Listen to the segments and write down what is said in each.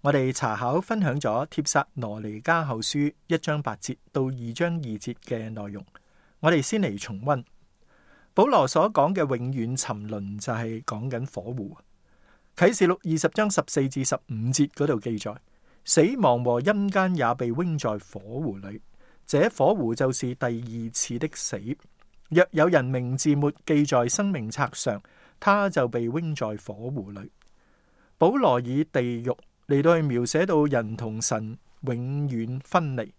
我哋查考分享咗帖撒羅尼迦後書一章八節到二章二節嘅內容。我哋先嚟重溫保羅所講嘅永遠沉淪，就係講緊火湖。啟示錄二十章十四至十五節嗰度記載，死亡和陰間也被扔在火湖裏。這火湖就是第二次的死。若有人名字沒記在生命冊上，他就被扔在火湖裏。保羅以地獄。嚟到去描寫到人同神永遠分離。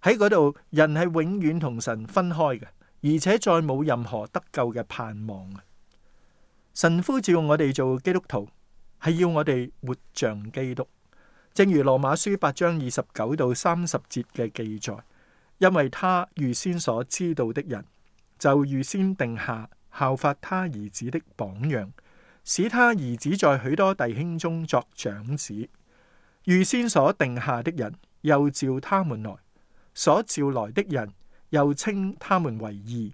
喺嗰度，人係永遠同神分開嘅，而且再冇任何得救嘅盼望。神呼召我哋做基督徒，係要我哋活像基督，正如羅馬書八章二十九到三十節嘅記載，因為他預先所知道的人，就預先定下效法他兒子的榜樣，使他兒子在許多弟兄中作長子。預先所定下的人，又召他們來；所召來的人，又稱他們為義；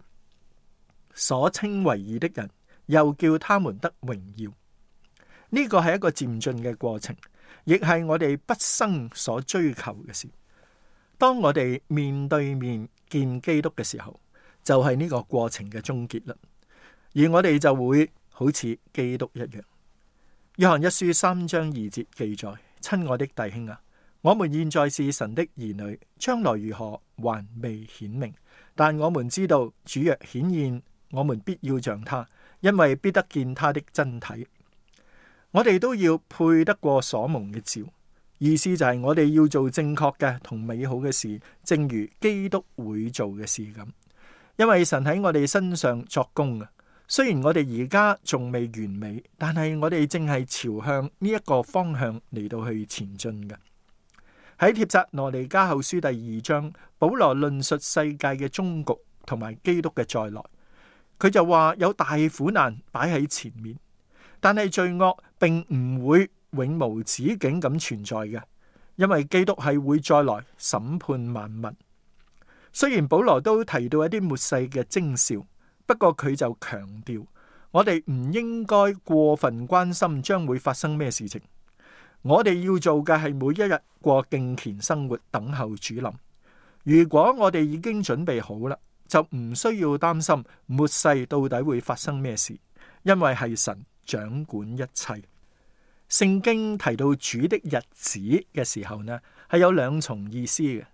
所稱為義的人，又叫他們得榮耀。呢、這個係一個漸進嘅過程，亦係我哋畢生所追求嘅事。當我哋面對面見基督嘅時候，就係、是、呢個過程嘅終結啦，而我哋就會好似基督一樣。約翰一書三章二節記載。親愛的弟兄啊，我們現在是神的兒女，將來如何還未顯明，但我們知道主若顯現，我們必要像他，因為必得見他的真體。我哋都要配得過所蒙嘅照，意思就係我哋要做正確嘅同美好嘅事，正如基督會做嘅事咁，因為神喺我哋身上作工。啊。雖然我哋而家仲未完美，但係我哋正係朝向呢一個方向嚟到去前進嘅。喺帖撒羅尼加後書第二章，保羅論述世界嘅終局同埋基督嘅再來，佢就話有大苦難擺喺前面，但係罪惡並唔會永無止境咁存在嘅，因為基督係會再來審判萬物。雖然保羅都提到一啲末世嘅徵兆。不過佢就強調，我哋唔應該過分關心將會發生咩事情。我哋要做嘅係每一日過敬虔生活，等候主臨。如果我哋已經準備好啦，就唔需要擔心末世到底會發生咩事，因為係神掌管一切。聖經提到主的日子嘅時候呢，係有兩重意思嘅，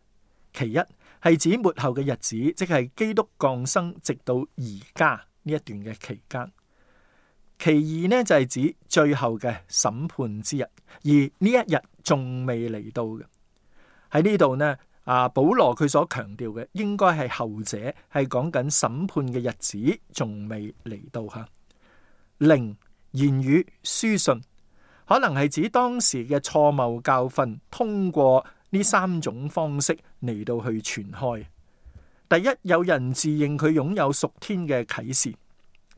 其一。係指末後嘅日子，即係基督降生直到而家呢一段嘅期間。其二呢，就係指最後嘅審判之日，而呢一日仲未嚟到嘅。喺呢度呢，啊保羅佢所強調嘅，應該係後者，係講緊審判嘅日子仲未嚟到吓。靈言語書信，可能係指當時嘅錯謬教訓通過。呢三種方式嚟到去傳開。第一，有人自認佢擁有屬天嘅啟示；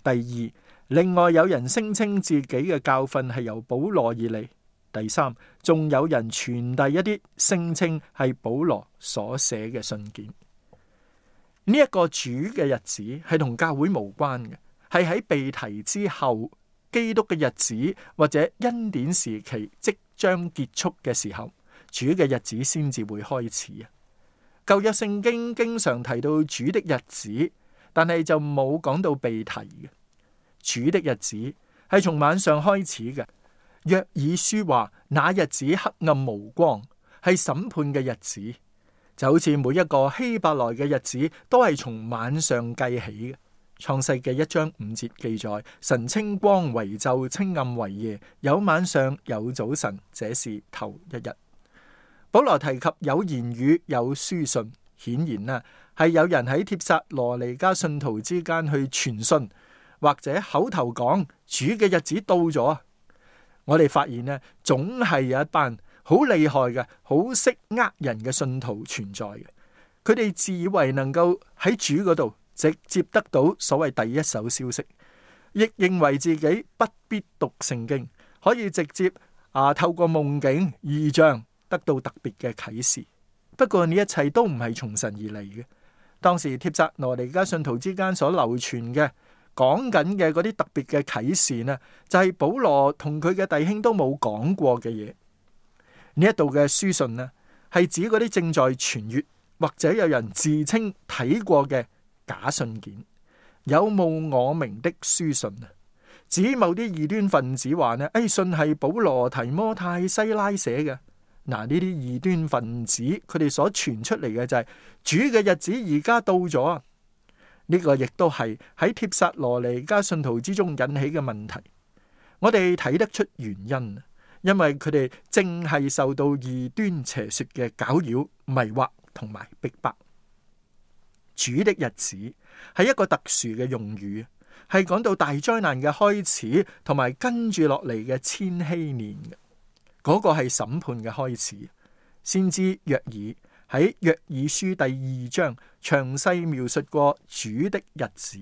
第二，另外有人聲稱自己嘅教訓係由保羅而嚟；第三，仲有人傳遞一啲聲稱係保羅所寫嘅信件。呢一個主嘅日子係同教會無關嘅，係喺被提之後基督嘅日子，或者恩典時期即將結束嘅時候。主嘅日子先至會開始啊。舊約聖經經常提到主的日子，但係就冇講到被提嘅主的日子係從晚上開始嘅。約珥書話：，那日子黑暗無光，係審判嘅日子，就好似每一個希伯來嘅日子都係從晚上計起嘅。創世記一章五節記載：，神清光為晝，清暗為夜，有晚上，有早晨，這是頭一日。保羅提及有言語、有書信，顯然啦係有人喺帖撒羅尼加信徒之間去傳信，或者口頭講主嘅日子到咗。我哋發現呢，總係有一班好厲害嘅、好識呃人嘅信徒存在嘅。佢哋自以為能夠喺主嗰度直接得到所謂第一手消息，亦認為自己不必讀聖經，可以直接啊透過夢境、異象，得到特別嘅啟示，不過呢一切都唔係從神而嚟嘅。當時帖撒羅尼迦信徒之間所流傳嘅，講緊嘅嗰啲特別嘅啟示呢，就係、是、保羅同佢嘅弟兄都冇講過嘅嘢。呢一度嘅書信呢，係指嗰啲正在傳閱或者有人自稱睇過嘅假信件，有冇我名的書信啊，指某啲異端分子話呢，誒、哎，信係保羅、提摩太、西拉寫嘅。嗱，呢啲異端分子，佢哋所傳出嚟嘅就係、是、主嘅日子而家到咗呢，這個亦都係喺帖撒羅尼迦信徒之中引起嘅問題。我哋睇得出原因，因為佢哋正係受到異端邪說嘅攪擾、迷惑同埋逼迫。主的日子係一個特殊嘅用語，係講到大災難嘅開始，同埋跟住落嚟嘅千禧年。嗰個係審判嘅開始，先知約爾喺約爾書第二章詳細描述過主的日子。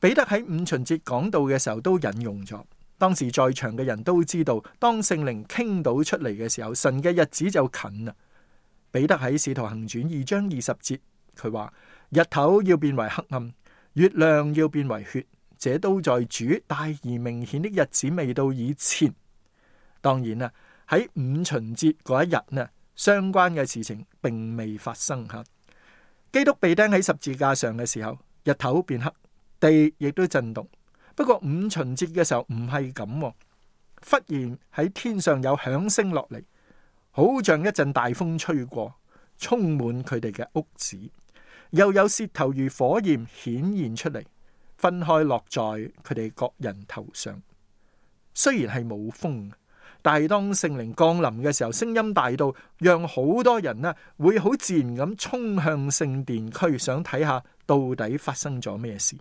彼得喺五旬節講道嘅時候都引用咗，當時在場嘅人都知道，當聖靈傾倒出嚟嘅時候，神嘅日子就近啦。彼得喺使徒行傳二章二十節，佢話日頭要變為黑暗，月亮要變為血，這都在主大而明顯的日子未到以前。當然啦，喺五旬節嗰一日呢，相關嘅事情並未發生。哈，基督被釘喺十字架上嘅時候，日頭變黑，地亦都震動。不過五旬節嘅時候唔係咁，忽然喺天上有響聲落嚟，好像一陣大風吹過，充滿佢哋嘅屋子。又有舌頭如火焰顯現出嚟，分開落在佢哋各人頭上。雖然係冇風。但係當聖靈降臨嘅時候，聲音大到讓好多人呢會好自然咁衝向聖殿區，想睇下到底發生咗咩事。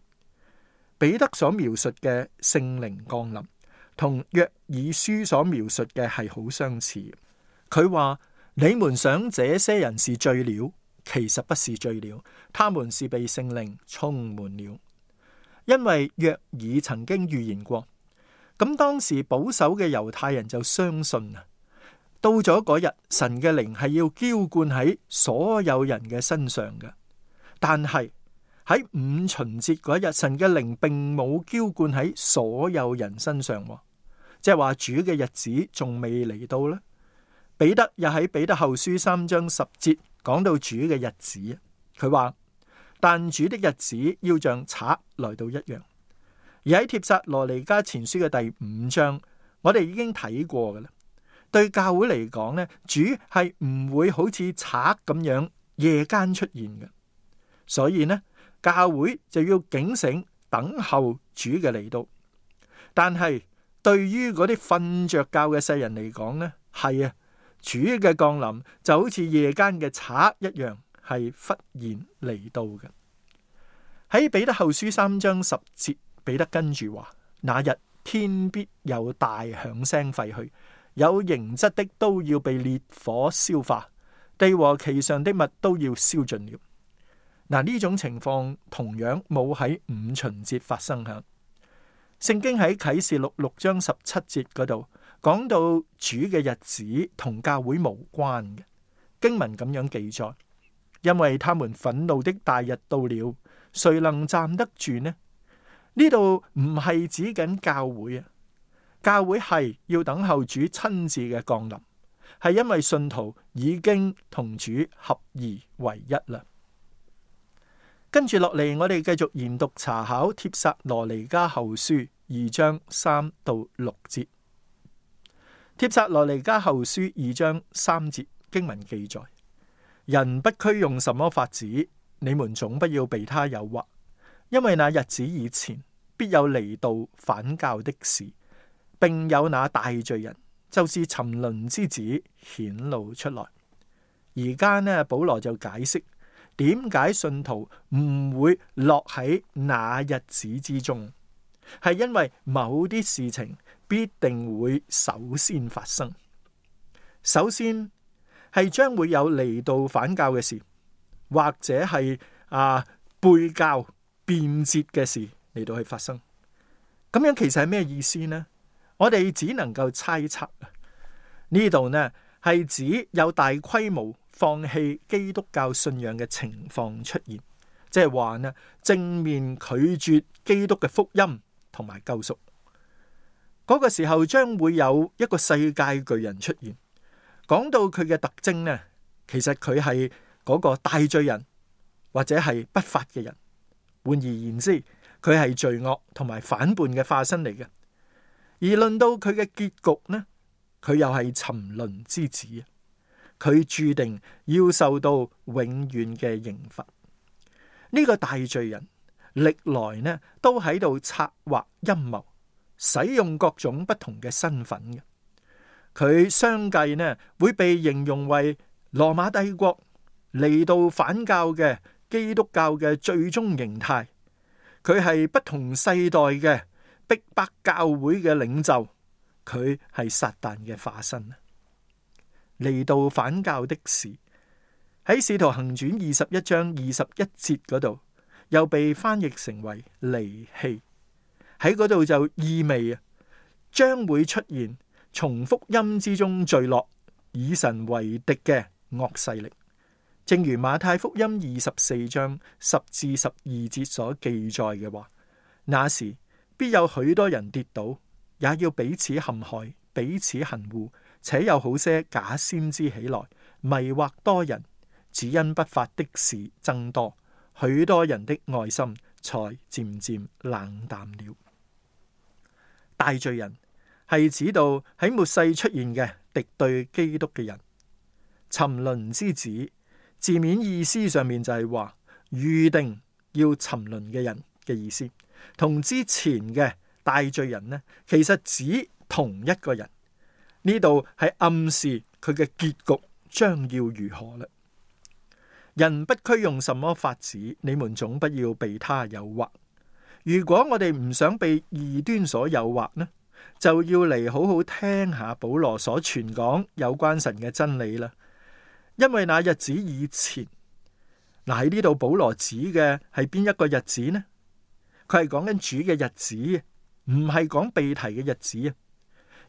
彼得所描述嘅聖靈降臨同約爾書所描述嘅係好相似。佢話，你們想這些人是醉了，其實不是醉了，他們是被聖靈充滿了，因為約爾曾經預言過。咁當時保守嘅猶太人就相信啊，到咗嗰日，神嘅靈係要澆灌喺所有人嘅身上嘅。但係喺五旬節嗰日，神嘅靈並冇澆灌喺所有人身上，即係話主嘅日子仲未嚟到呢。彼得又喺彼得後書三章十節講到主嘅日子，佢話但主的日子要像賊來到一樣。而喺帖撒羅尼迦前書嘅第五章，我哋已經睇過噶啦。對教會嚟講咧，主係唔會好似賊咁樣夜間出現嘅，所以呢，教會就要警醒等候主嘅嚟到。但係對於嗰啲瞓着覺嘅世人嚟講呢，係啊，主嘅降臨就好似夜間嘅賊一樣，係忽然嚟到嘅。喺彼得後書三章十節。彼得跟住話：那日天必有大響聲廢去，有形質的都要被烈火消化，地和其上的物都要燒盡了。嗱，呢種情況同樣冇喺五旬節發生。響聖經喺啟示錄六章十七節嗰度講到主嘅日子同教會無關嘅經文咁樣記載，因為他們憤怒的大日到了，誰能站得住呢？呢度唔係指緊教會啊，教會係要等候主親自嘅降臨，係因為信徒已經同主合二為一啦。跟住落嚟，我哋繼續研讀查考帖撒羅尼加後書二章三到六節。帖撒羅尼加後書二章三節經文記載：人不拘用什麼法子，你們總不要被他誘惑。因為那日子以前必有離道反教的事，並有那大罪人，就是沉淪之子顯露出來。而家呢，保羅就解釋點解信徒唔會落喺那日子之中，係因為某啲事情必定會首先發生。首先係將會有離道反教嘅事，或者係啊、呃、背教。便捷嘅事嚟到去發生，咁樣其實係咩意思呢？我哋只能夠猜測，呢度呢係指有大規模放棄基督教信仰嘅情況出現，即係話呢，正面拒絕基督嘅福音同埋救贖嗰個時候，將會有一個世界巨人出現。講到佢嘅特徵呢，其實佢係嗰個大罪人或者係不法嘅人。換而言之，佢係罪惡同埋反叛嘅化身嚟嘅。而論到佢嘅結局呢，佢又係沉淪之子，佢注定要受到永遠嘅刑罰。呢、這個大罪人，歷來呢都喺度策劃陰謀，使用各種不同嘅身份嘅。佢相繼呢會被形容為羅馬帝國嚟到反教嘅。基督教嘅最終形態，佢係不同世代嘅逼迫教會嘅領袖，佢係撒旦嘅化身。嚟到反教的時，喺使徒行傳二十一章二十一節嗰度，又被翻譯成為離棄。喺嗰度就意味啊，將會出現從福音之中墜落以神為敵嘅惡勢力。正如馬太福音二十四章十至十二節所記載嘅話，那時必有許多人跌倒，也要彼此陷害，彼此恨惡，且有好些假先知起來迷惑多人。只因不法的事增多，許多人的愛心才漸漸冷淡了。大罪人係指到喺末世出現嘅敵對基督嘅人，沉淪之子。字面意思上面就係話預定要沉淪嘅人嘅意思，同之前嘅大罪人呢，其實指同一個人。呢度係暗示佢嘅結局將要如何嘞。人不拘用什麼法子，你們總不要被他誘惑。如果我哋唔想被異端所誘惑呢，就要嚟好好聽下保羅所傳講有關神嘅真理啦。因為那日子以前，嗱喺呢度，保羅指嘅係邊一個日子呢？佢係講緊主嘅日子，唔係講被提嘅日子啊。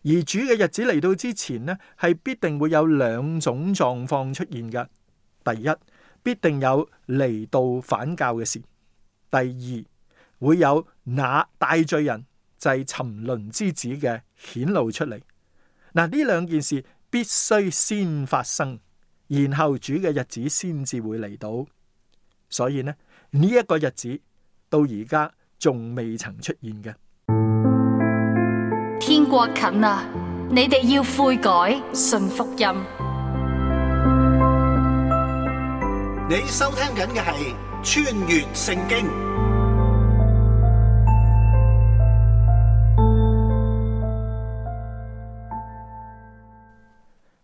而主嘅日子嚟到之前呢，係必定會有兩種狀況出現噶。第一，必定有離道反教嘅事；第二，會有那大罪人就係沉淪之子嘅顯露出嚟。嗱，呢兩件事必須先發生。然後主嘅日子先至會嚟到，所以呢呢一個日子到而家仲未曾出現嘅。天國近呀，你哋要悔改，信福音。你收聽緊嘅係穿越聖經。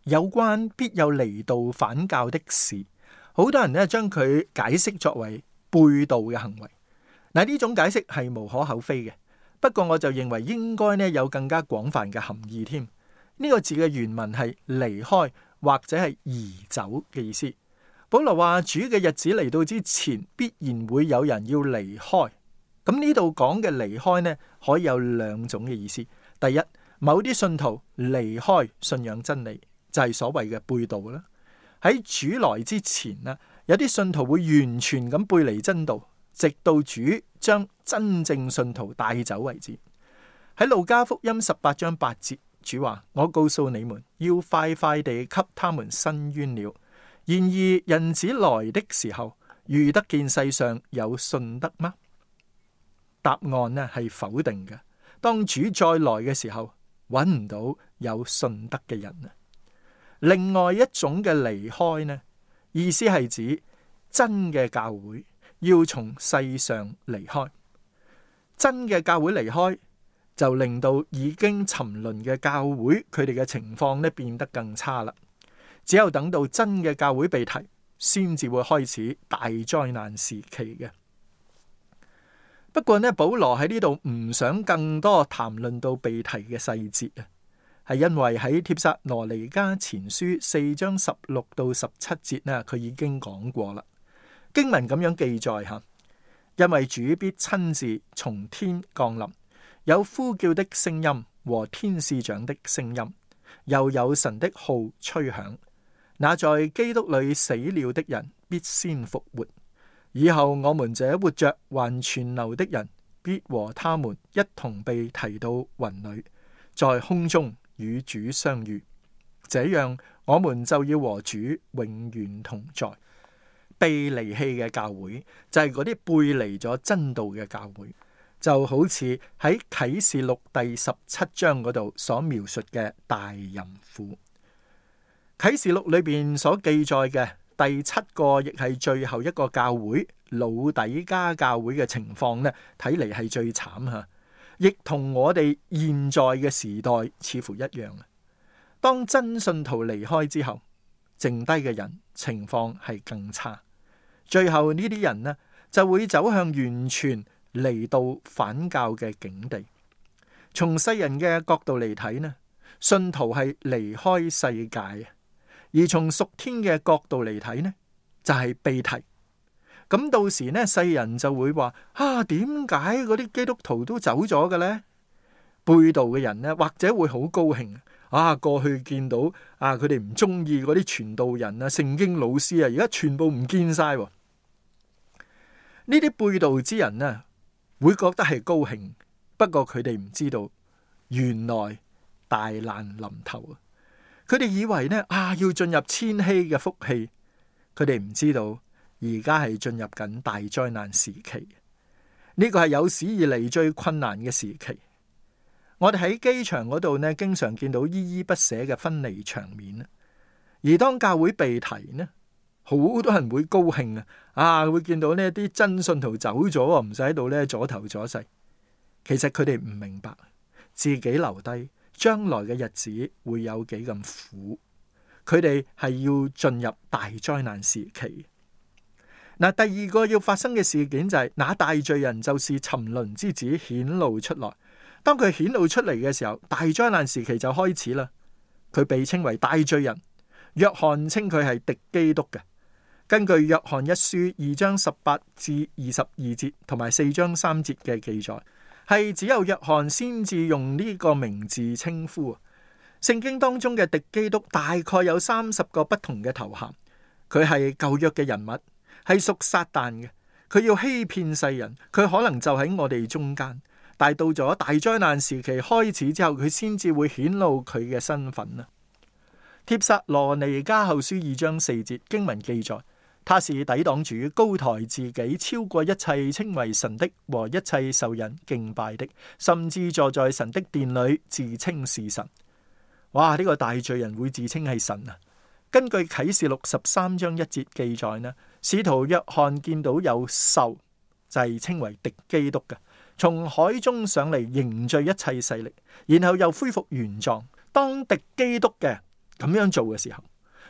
有關必有離道反教的事，好多人咧，將佢解釋作為背道嘅行為。嗱，呢種解釋係無可厚非嘅，不過我就認為應該咧，有更加廣泛嘅含義。添、這、呢個字嘅原文係離開或者係移走嘅意思。保羅話：主嘅日子嚟到之前，必然會有人要離開。咁呢度講嘅離開呢，可以有兩種嘅意思。第一，某啲信徒離開信仰真理。就係所謂嘅背道啦。喺主來之前啦，有啲信徒會完全咁背離真道，直到主將真正信徒帶走為止。喺路加福音十八章八節，主話：我告訴你們，要快快地給他們伸冤了。然而，人子來的時候，遇得見世上有信德嗎？答案呢係否定嘅。當主再來嘅時候，搵唔到有信德嘅人。另外一種嘅離開呢，意思係指真嘅教會要從世上離開。真嘅教會離開，就令到已經沉淪嘅教會佢哋嘅情況呢，變得更差啦。只有等到真嘅教會被提，先至會開始大災難時期嘅。不過呢，保羅喺呢度唔想更多談論到被提嘅細節啊。係因為喺帖撒羅尼迦前書四章十六到十七節呢，佢已經講過啦。經文咁樣記載吓，因為主必親自從天降臨，有呼叫的聲音和天使長的聲音，又有神的號吹響。那在基督裏死了的人必先復活，以後我們這活着還存留的人，必和他們一同被提到雲裏，在空中，與主相遇，這樣我們就要和主永遠同在。被離棄嘅教會就係嗰啲背離咗真道嘅教會，就好似喺啟示錄第十七章嗰度所描述嘅大淫婦。啟示錄裏邊所記載嘅第七個亦係最後一個教會，老底加教會嘅情況呢，睇嚟係最慘吓。亦同我哋現在嘅時代似乎一樣啊！當真信徒離開之後，剩低嘅人情況係更差，最後呢啲人呢就會走向完全離道反教嘅境地。從世人嘅角度嚟睇呢，信徒係離開世界；而從屬天嘅角度嚟睇呢，就係被提。咁到時呢，世人就會話：啊，點解嗰啲基督徒都走咗嘅呢？背道嘅人呢，或者會好高興啊！過去見到啊，佢哋唔中意嗰啲傳道人啊、聖經老師啊，而家全部唔見晒。呢啲背道之人呢，會覺得係高興。不過佢哋唔知道，原來大難臨頭。佢哋以為呢啊，要進入千禧嘅福氣。佢哋唔知道。而家係進入緊大災難時期，呢個係有史以嚟最困難嘅時期。我哋喺機場嗰度咧，經常見到依依不捨嘅分離場面。而當教會被提呢，好多人會高興啊！啊，會見到呢啲真信徒走咗，唔使喺度咧，阻頭阻勢。其實佢哋唔明白自己留低將來嘅日子會有幾咁苦。佢哋係要進入大災難時期。嗱，第二個要發生嘅事件就係那大罪人就是沉淪之子顯露出來。當佢顯露出嚟嘅時候，大災難時期就開始啦。佢被稱為大罪人，約翰稱佢係敵基督嘅。根據約翰一書二章十八至二十二節，同埋四章三節嘅記載，係只有約翰先至用呢個名字稱呼啊。聖經當中嘅敵基督大概有三十個不同嘅頭銜，佢係舊約嘅人物，係屬撒旦嘅，佢要欺騙世人，佢可能就喺我哋中間。但係到咗大災難時期開始之後，佢先至會顯露佢嘅身份啦。帖撒羅尼迦後書二章四節經文記載，他是抵擋主高抬自己，超過一切，稱為神的和一切受人敬拜的，甚至坐在神的殿裏自稱是神。哇！呢、這個大罪人會自稱係神啊？根據啟示錄十三章一節記載呢，使徒約翰見到有獸，就係、是、稱為敵基督嘅，從海中上嚟，凝聚一切勢力，然後又恢復原狀。當敵基督嘅咁樣做嘅時候，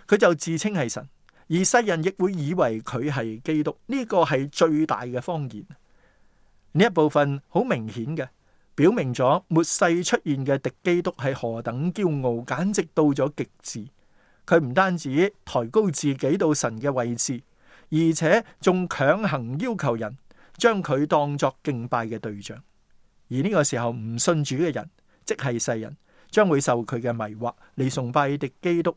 佢就自稱係神，而世人亦會以為佢係基督。呢、這個係最大嘅謊言。呢一部分好明顯嘅，表明咗末世出現嘅敵基督係何等驕傲，簡直到咗極致。佢唔單止抬高自己到神嘅位置。而且仲強行要求人將佢當作敬拜嘅對象，而呢個時候唔信主嘅人，即係世人，將會受佢嘅迷惑嚟，崇拜敵基督，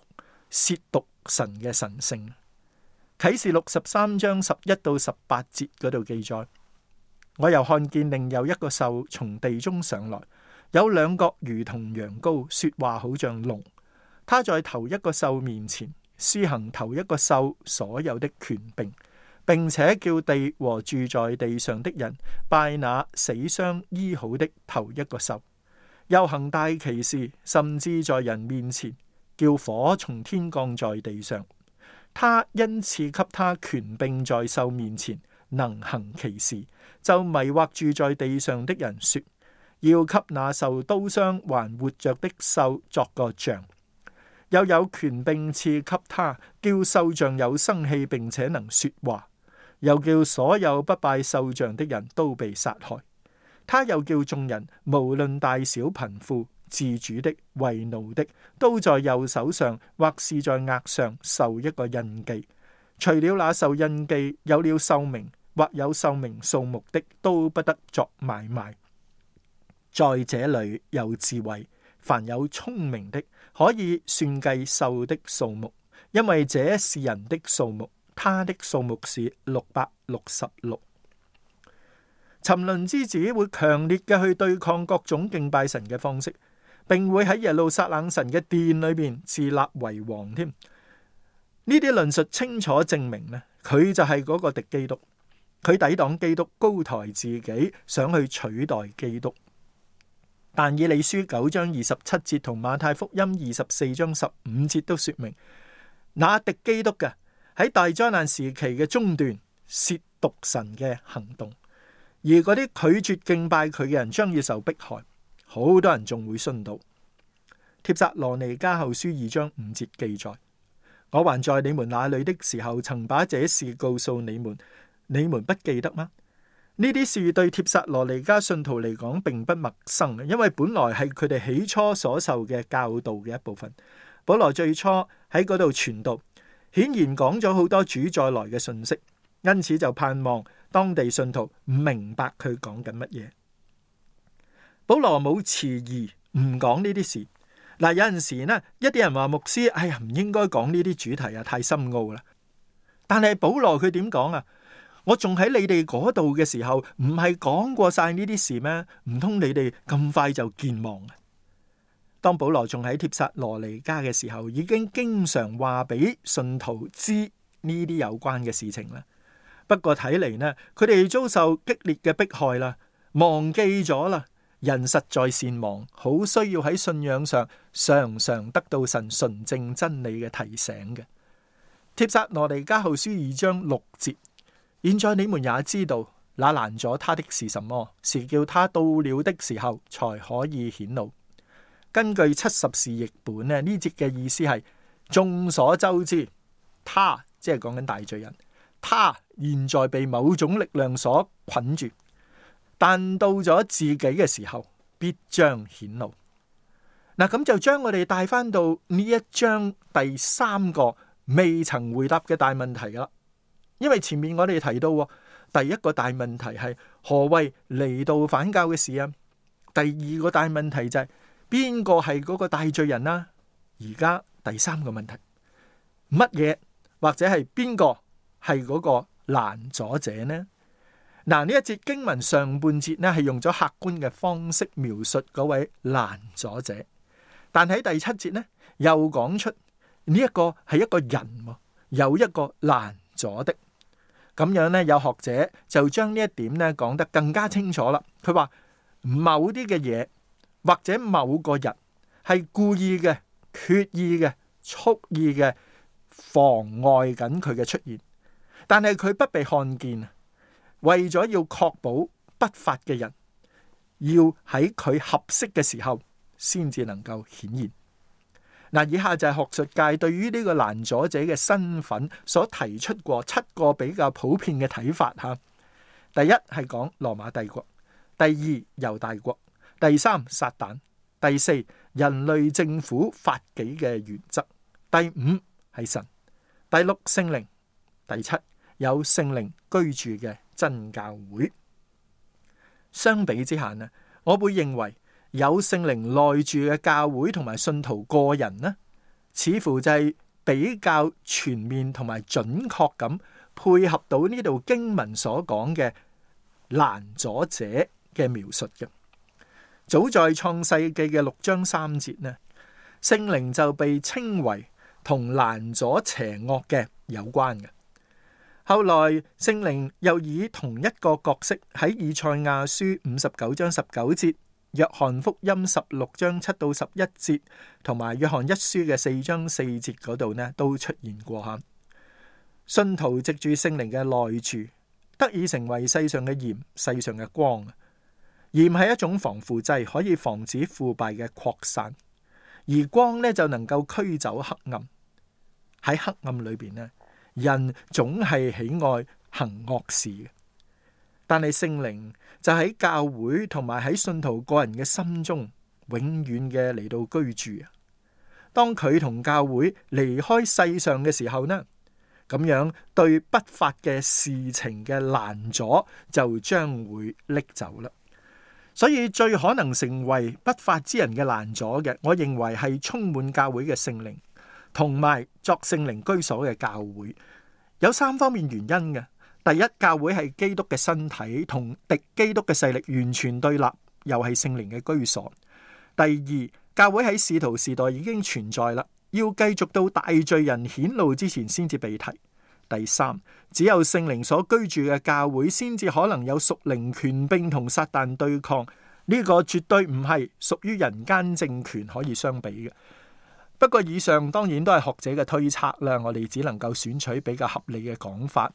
褻瀆神嘅神聖。啟示錄十三章十一到十八節嗰度記載：我又看見另有一個獸從地中上來，有兩角如同羊羔，說話好像龍。他在頭一個獸面前。施行頭一個獸所有的權柄，並且叫地和住在地上的人拜那死傷醫好的頭一個獸，又行大奇事，甚至在人面前叫火從天降在地上。他因此給他權柄在獸面前能行奇事，就迷惑住在地上的人說，說要給那受刀傷還活着的獸作個像。又有權并賜給他，叫獸像有生氣，並且能說話。又叫所有不拜獸像的人都被殺害。他又叫眾人，無論大小貧富，自主的、為奴的，都在右手上或是在額上受一個印記。除了那受印記有了獸名或有獸名數目的，都不得作買賣。在這裏有智慧，凡有聰明的。可以算計獸的數目，因為這是人的數目，他的數目是六百六十六。沉淪之子會強烈嘅去對抗各種敬拜神嘅方式，並會喺耶路撒冷神嘅殿裏邊自立為王添。呢啲論述清楚證明呢，佢就係嗰個敵基督，佢抵擋基督，高抬自己，想去取代基督。但以理書九章二十七節同馬太福音二十四章十五節都說明，那敵基督嘅，喺大災難時期嘅中段褻瀆神嘅行動，而嗰啲拒絕敬拜佢嘅人將要受迫害。好多人仲會信到帖撒羅尼迦後書二章五節記載，我還在你們那裏的時候，曾把這事告訴你們，你們不記得嗎？呢啲事對帖撒羅尼加信徒嚟講並不陌生，因為本來係佢哋起初所受嘅教導嘅一部分。保羅最初喺嗰度傳道，顯然講咗好多主再來嘅信息，因此就盼望當地信徒唔明白佢講緊乜嘢。保羅冇遲疑，唔講呢啲事。嗱，有陣時呢一啲人話牧師哎呀唔應該講呢啲主題啊，太深奧啦。但係保羅佢點講啊？我仲喺你哋嗰度嘅時候，唔係講過晒呢啲事咩？唔通你哋咁快就健忘啊？當保羅仲喺帖撒羅尼加嘅時候，已經經常話俾信徒知呢啲有關嘅事情啦。不過睇嚟呢，佢哋遭受激烈嘅迫害啦，忘記咗啦。人實在善忘，好需要喺信仰上常常得到神純正真理嘅提醒嘅。帖撒羅尼加後書二章六節。現在你們也知道，那攔阻他的是什麼？是叫他到了的時候才可以顯露。根據七十士譯本呢，呢節嘅意思係眾所周知，他即係講緊大罪人，他現在被某種力量所捆住，但到咗自己嘅時候，必將顯露。嗱，咁就將我哋帶翻到呢一章第三個未曾回答嘅大問題噶啦。因為前面我哋提到，第一個大問題係何謂離道反教嘅事啊？第二個大問題就係邊個係嗰個大罪人啦？而家第三個問題，乜嘢或者係邊個係嗰個攔阻者呢？嗱，呢一節經文上半節呢係用咗客觀嘅方式描述嗰位攔阻者，但喺第七節呢又講出呢一個係一個人，有一個攔阻的。咁樣咧，有學者就將呢一點咧講得更加清楚啦。佢話某啲嘅嘢或者某個人係故意嘅、決意嘅、蓄意嘅妨礙緊佢嘅出現，但係佢不被看見。為咗要確保不法嘅人要喺佢合適嘅時候先至能夠顯現。嗱，以下就係學術界對於呢個難阻者嘅身份所提出過七個比較普遍嘅睇法嚇。第一係講羅馬帝國，第二猶大國，第三撒旦，第四人類政府法紀嘅原則，第五係神，第六聖靈，第七有聖靈居住嘅真教會。相比之下咧，我會認為，有聖靈內住嘅教會同埋信徒個人呢，似乎就係比較全面同埋準確咁配合到呢度經文所講嘅攔阻者嘅描述嘅。早在創世記嘅六章三節呢，聖靈就被稱為同攔阻邪惡嘅有關嘅。後來聖靈又以同一個角色喺以賽亞書五十九章十九節。約翰福音十六章七到十一節，同埋約翰一書嘅四章四節嗰度呢，都出現過吓。信徒藉住聖靈嘅內住，得以成為世上嘅鹽、世上嘅光。鹽係一種防腐劑，可以防止腐敗嘅擴散；而光呢，就能夠驅走黑暗。喺黑暗裏邊呢，人總係喜愛行惡事。但係聖靈就喺教會同埋喺信徒個人嘅心中永遠嘅嚟到居住啊！當佢同教會離開世上嘅時候呢，咁樣對不法嘅事情嘅攔阻就將會拎走啦。所以最可能成為不法之人嘅攔阻嘅，我認為係充滿教會嘅聖靈同埋作聖靈居所嘅教會，有三方面原因嘅。第一，教會係基督嘅身體，同敵基督嘅勢力完全對立，又係聖靈嘅居所。第二，教會喺使徒時代已經存在啦，要繼續到大罪人顯露之前先至被提。第三，只有聖靈所居住嘅教會，先至可能有屬靈權柄，並同撒旦對抗。呢個絕對唔係屬於人間政權可以相比嘅。不過以上當然都係學者嘅推測啦，我哋只能夠選取比較合理嘅講法。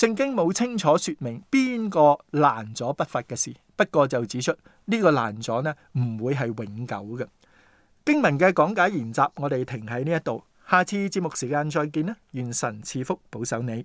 聖經冇清楚說明邊個攔阻不法嘅事，不過就指出、這個、難呢個攔阻呢唔會係永久嘅。經文嘅講解研習，我哋停喺呢一度，下次節目時間再見啦！願神賜福保守你。